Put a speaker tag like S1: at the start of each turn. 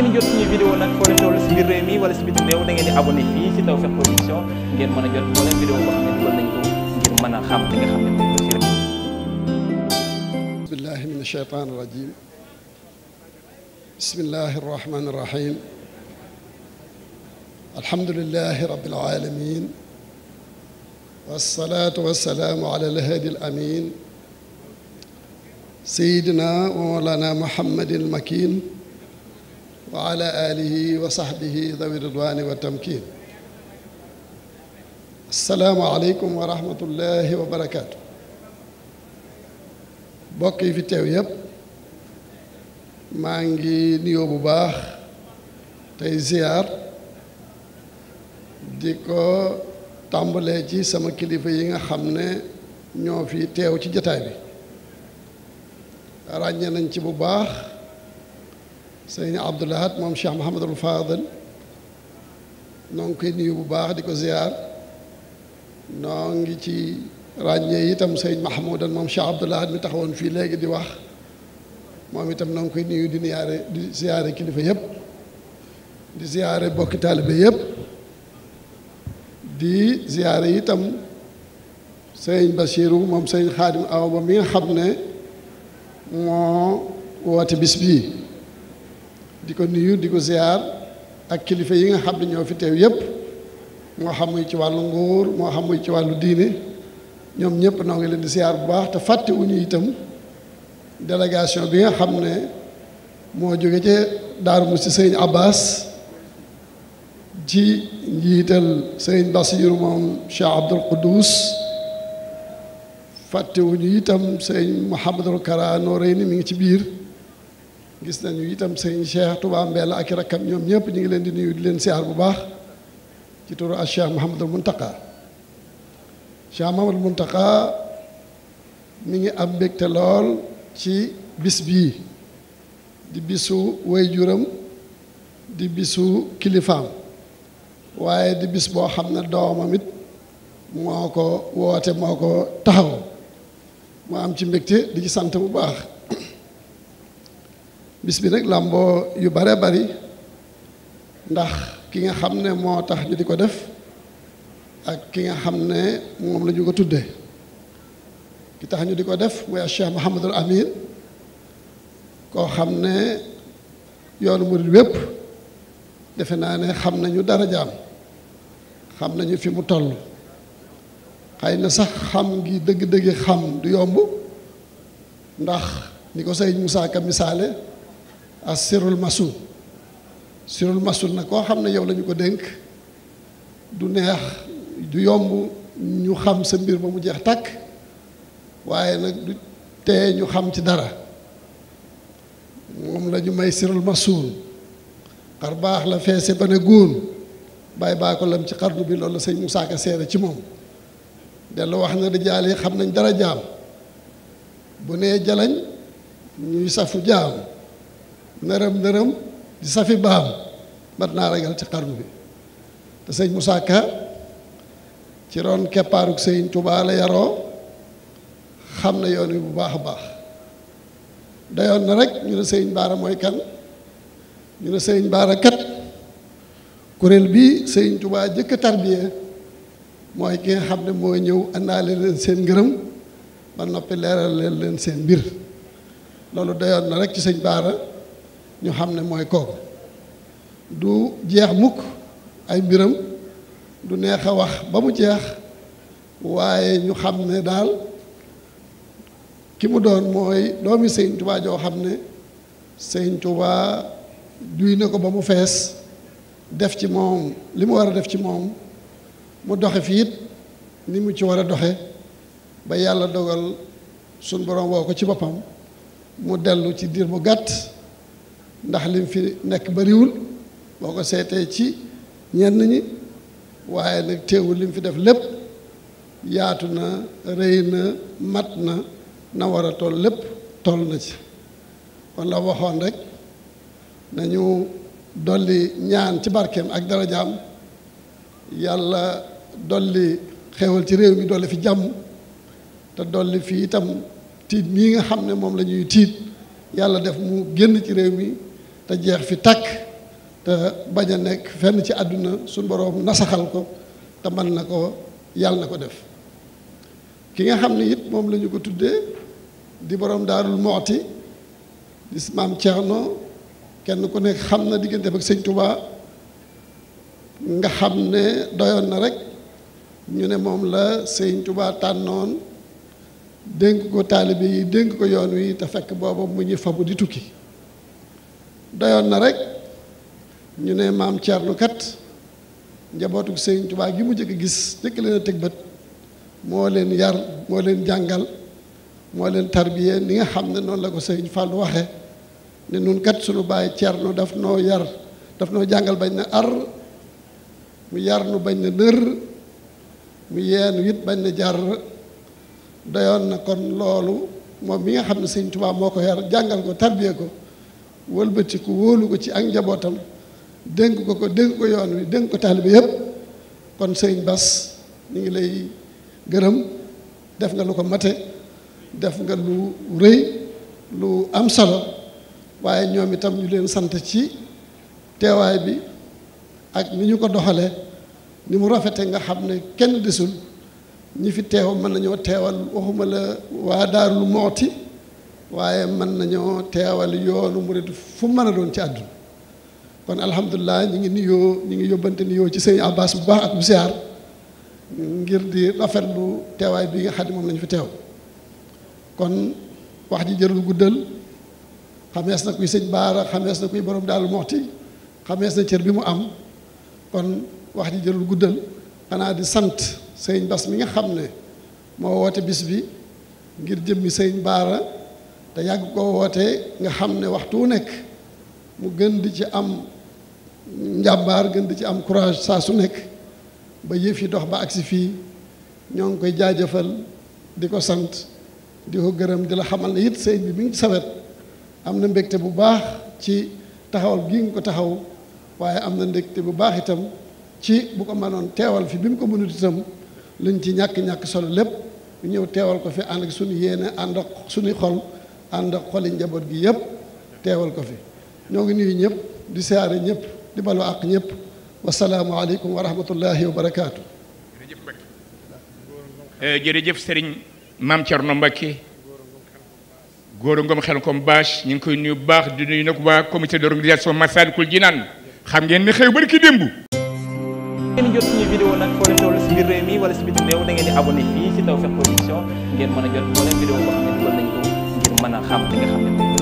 S1: ngeen jot suñu vidéo nag foo leen toll si biir réew mi wala si biti réew da ngeen di abonné fii si Tawfekh Production ngeen mën a jot moo leen vidéo boo xam ne dugal nañ ko ngir mën a xam li nga xam ne moom la rek. bismillahi min ashaytaani rajim bismillahi rahmaani rahim alhamdulilahi rabbil alamin wasalaatu wasalaamu ala alhadi al amin sayidina wa mawlana muhammadin al makin wa ala alihi wa sahbihi dawi ridwani wa tamkin asalaamu aleykum wa rahmatullahi wa barakaatu bokk yi fi teew yépp maa ngi nuyoo bu baax tey ziyaar di ko tàmbalee ci sama kilifa yi nga xam ne ñoo fi teew ci jataay bi ràññee nañ ci bu baax sëriñ Abdoul moom Cheikh Mouhamadul Fadel noo ngi koy nuyu bu baax di ko ziar noo ngi ci ràññee itam sëriñ Mahmoudan moom Cheikh Abdoul Ahad mi taxawoon fii léegi di wax moom itam noo ngi koy nuyu di nuyaare di ziare kilifa yëpp di ziare bokki taalibe yëpp di ziare itam sëriñ Bachiru moom sëriñ Xaadim Awa Ba mi nga xam ne moo woote bis bii di ko nuyu di ko ziar ak kilifa yi nga xam ne ñoo fi teew yëpp moo xam muy ci wàllu nguur moo xam muy ci wàllu diine ñoom ñëpp noo ngi leen di ziar bu baax te fàtte wu ñu itam délégation bi nga xam ne moo jóge ci Daaru Musti sëriñ Abbas ji njiital sëriñ Basiiru moom Cheikh Abdul Quddus fàttewuñu itam sëriñ a Kara Nooreeni mi ngi ci biir gis nañu itam sëñ Cheikh Touba Mbella ak rakkam ñoom ñëpp ñu ngi leen di nuyu di leen siyaar bu baax ci turu ak Cheikh Mouhamadul Mountakha Cheikh Mouhamadul Mountakha mi ngi am mbégte lool ci bis bii di bisu waajuram di bisu kilifaam waaye di bis boo xam ne doomam it moo ko woote moo ko taxaw mu am ci mbégte di ci sant bu baax. bis bi nag làmboo yu bare bari ndax ki nga xam ne moo tax ñu di ko def ak ki nga xam ne moom lañu ko tuddee ki tax ñu di ko def mooy Cheikh Mouhamadul Amir koo xam ne yoonu murid wépp defe naa ne xam nañu dara jaam xam nañu fi mu toll xëy na sax xam gi dëgg-dëgg xam du yomb ndax ni ko sëñ Moussa Ka misaale a sirul masu sirul masul nag koo xam ne yow lañu ko dénk du neex du yomb ñu xam sa mbir ba mu jeex tàkk waaye nag du tee ñu xam ci dara moom la ñu may sirul masul xar baax la feese ba ne góor bàyyi baa ko lam ci xarnu bi loolu la sëñ Moussa Ka seere ci moom dellu wax na rijaal yi xam nañ dara jaam bu nee jalañ ñuy safu jaam nërëm nërëm di safi baam mat naa ragal ci xarnu bi te sëñ Moussa Ka ci ron keppaaruk sëñ Touba la yaroo xam na yoon wi bu baax a baax dayoon na rek ñu ne sëñ Baara mooy kan ñu ne sëñ Baara kat kuréel bi sëñ Touba jëkk a mooy ki xam ne moo ñëw àndaale leen seen ngërëm ba noppi leeral leen leen seen mbir loolu dayoon na rek ci sëñ Baara ñu xam ne mooy kooku du jeex mukk ay mbiram du neex a wax ba mu jeex waaye ñu xam ne daal ki mu doon mooy doomi Sëñ Tuubaa joo xam ne Sëñ Tuubaa duy na ko ba mu fees def ci moom li mu war a def ci moom mu doxe fi it ni mu ci war a doxe ba yàlla dogal suñ borom woo ko ci boppam mu dellu ci diir mu gàtt ndax lim fi nekk bariwul boo ko seetee ci ñenn ñi waaye nag teewul lim fi def lépp yaatu na rëy na mat na na war a toll lépp toll na ci kon la waxoon rek nañu dolli ñaan ci barkeem ak darajaam yàlla dolli xewal ci réew mi dolli fi jàmm te dolli fi itam tiit mii nga xam ne moom lañuy tiit yàlla def mu génn ci réew mi te jeex fi tàkk te bañ a nekk fenn ci àdduna suñ boroom nasaxal ko te man na ko yàlla na ko def ki nga xam ne it moom la ñu ko tuddee di borom daarul mooti di maam Thierno kenn ku nekk xam na diggante ak nga xam ne doyoon na rek ñu ne moom la sëñ Touba tànnoon dénk ko taalibe yi dénk ko yoon wi te fekk booba mu ñuy fabu di tukki doyoon na rek ñu ne maam Thierno kat njabootu Sëriñ Tuubaa gi mu jëkk gis njëkk leen a teg bët moo leen yar moo leen jàngal moo leen tarbiyee ni nga xam ne noonu la ko Sëriñ Fallu waxe ne nun kat sunu bàyyi Thierno daf noo yar daf noo jàngal bañ na ar mu yar nu bañ na nër mu yeen wit bañ na jar doyoon na kon loolu moom bi nga xam ne Sëriñ Tuubaa moo ko yar jàngal ko tarbiyee ko wëlbatiku wóolu ko ci ak njabootam dénk ko ko dénk ko yoon wi dénk ko taalibe yëpp kon sëriñ bas ñu ngi lay gërëm def nga lu ko mate def nga lu rëy lu am solo waaye ñoom itam ñu leen sant ci teewaay bi ak ni ñu ko doxalee ni mu rafete nga xam ne kenn desul ñi fi teew mën nañoo teewal waxuma la waa Daaru Muxti waaye mën nañoo teewal yoonu murid fu mën a doon ci àdduna kon alhamdulilah ñi ngi nuyoo ñi ngi yóbbante nuyoo ci sëñ Abbas bu baax ak bu siyaar ngir di rafet bu teewaay bi nga xam ne moom lañu fi teew kon wax ji jërul guddal xamees na kuy sëñ baara xamees na kuy borom daal moxti xamees na cër bi mu am kon wax ji jërul guddal xanaa di sant sëñ Bas mi nga xam ne moo woote bis bi ngir jëmmi sëñ baara te yàgg koo woote nga xam ne waxtu nekk mu gën di ci am njàmbaar gën di ci am courage saa su nekk ba yëf yi dox ba agsi fii ñoo ngi koy jaajëfal di ko sant di ko gërëm di la xamal ne it sëñ bi mi sawet am na mbégte bu baax ci taxawal gi nga ko taxaw waaye am na mbégte bu baax itam ci bu ko mënoon teewal fii bi mu ko mënut itam luñ ci ñàkk-ñàkk solo lépp ñëw teewal ko fi ànd ak suñu yéene ànd ak suñuy xol ànd ak xoli njaboot gi yëpp teewal ko fi ñoo ngi nuyu ñëpp di siyaare ñëpp di balu àq ñëpp wasalaamu aleykum wa rahmatullahi wa barakaatu. jërëjëf Mbacke eh, jërëjëf sëriñ maam Thierno Mbacke góor ngoom xel kom bâche ñu ngi koy nuy bu baax di nuyu nag waa comité d'organisation Massalikul Jinaan xam ngeen ni xew bari ki démb. ngeen jot suñu vidéo nag foo leen toll si biir mi wala si biti réew da ngeen di abonné fii si Tawfekh Production ngeen mën a jot moo leen vidéo boo xam ne mën a xam li nga xam ne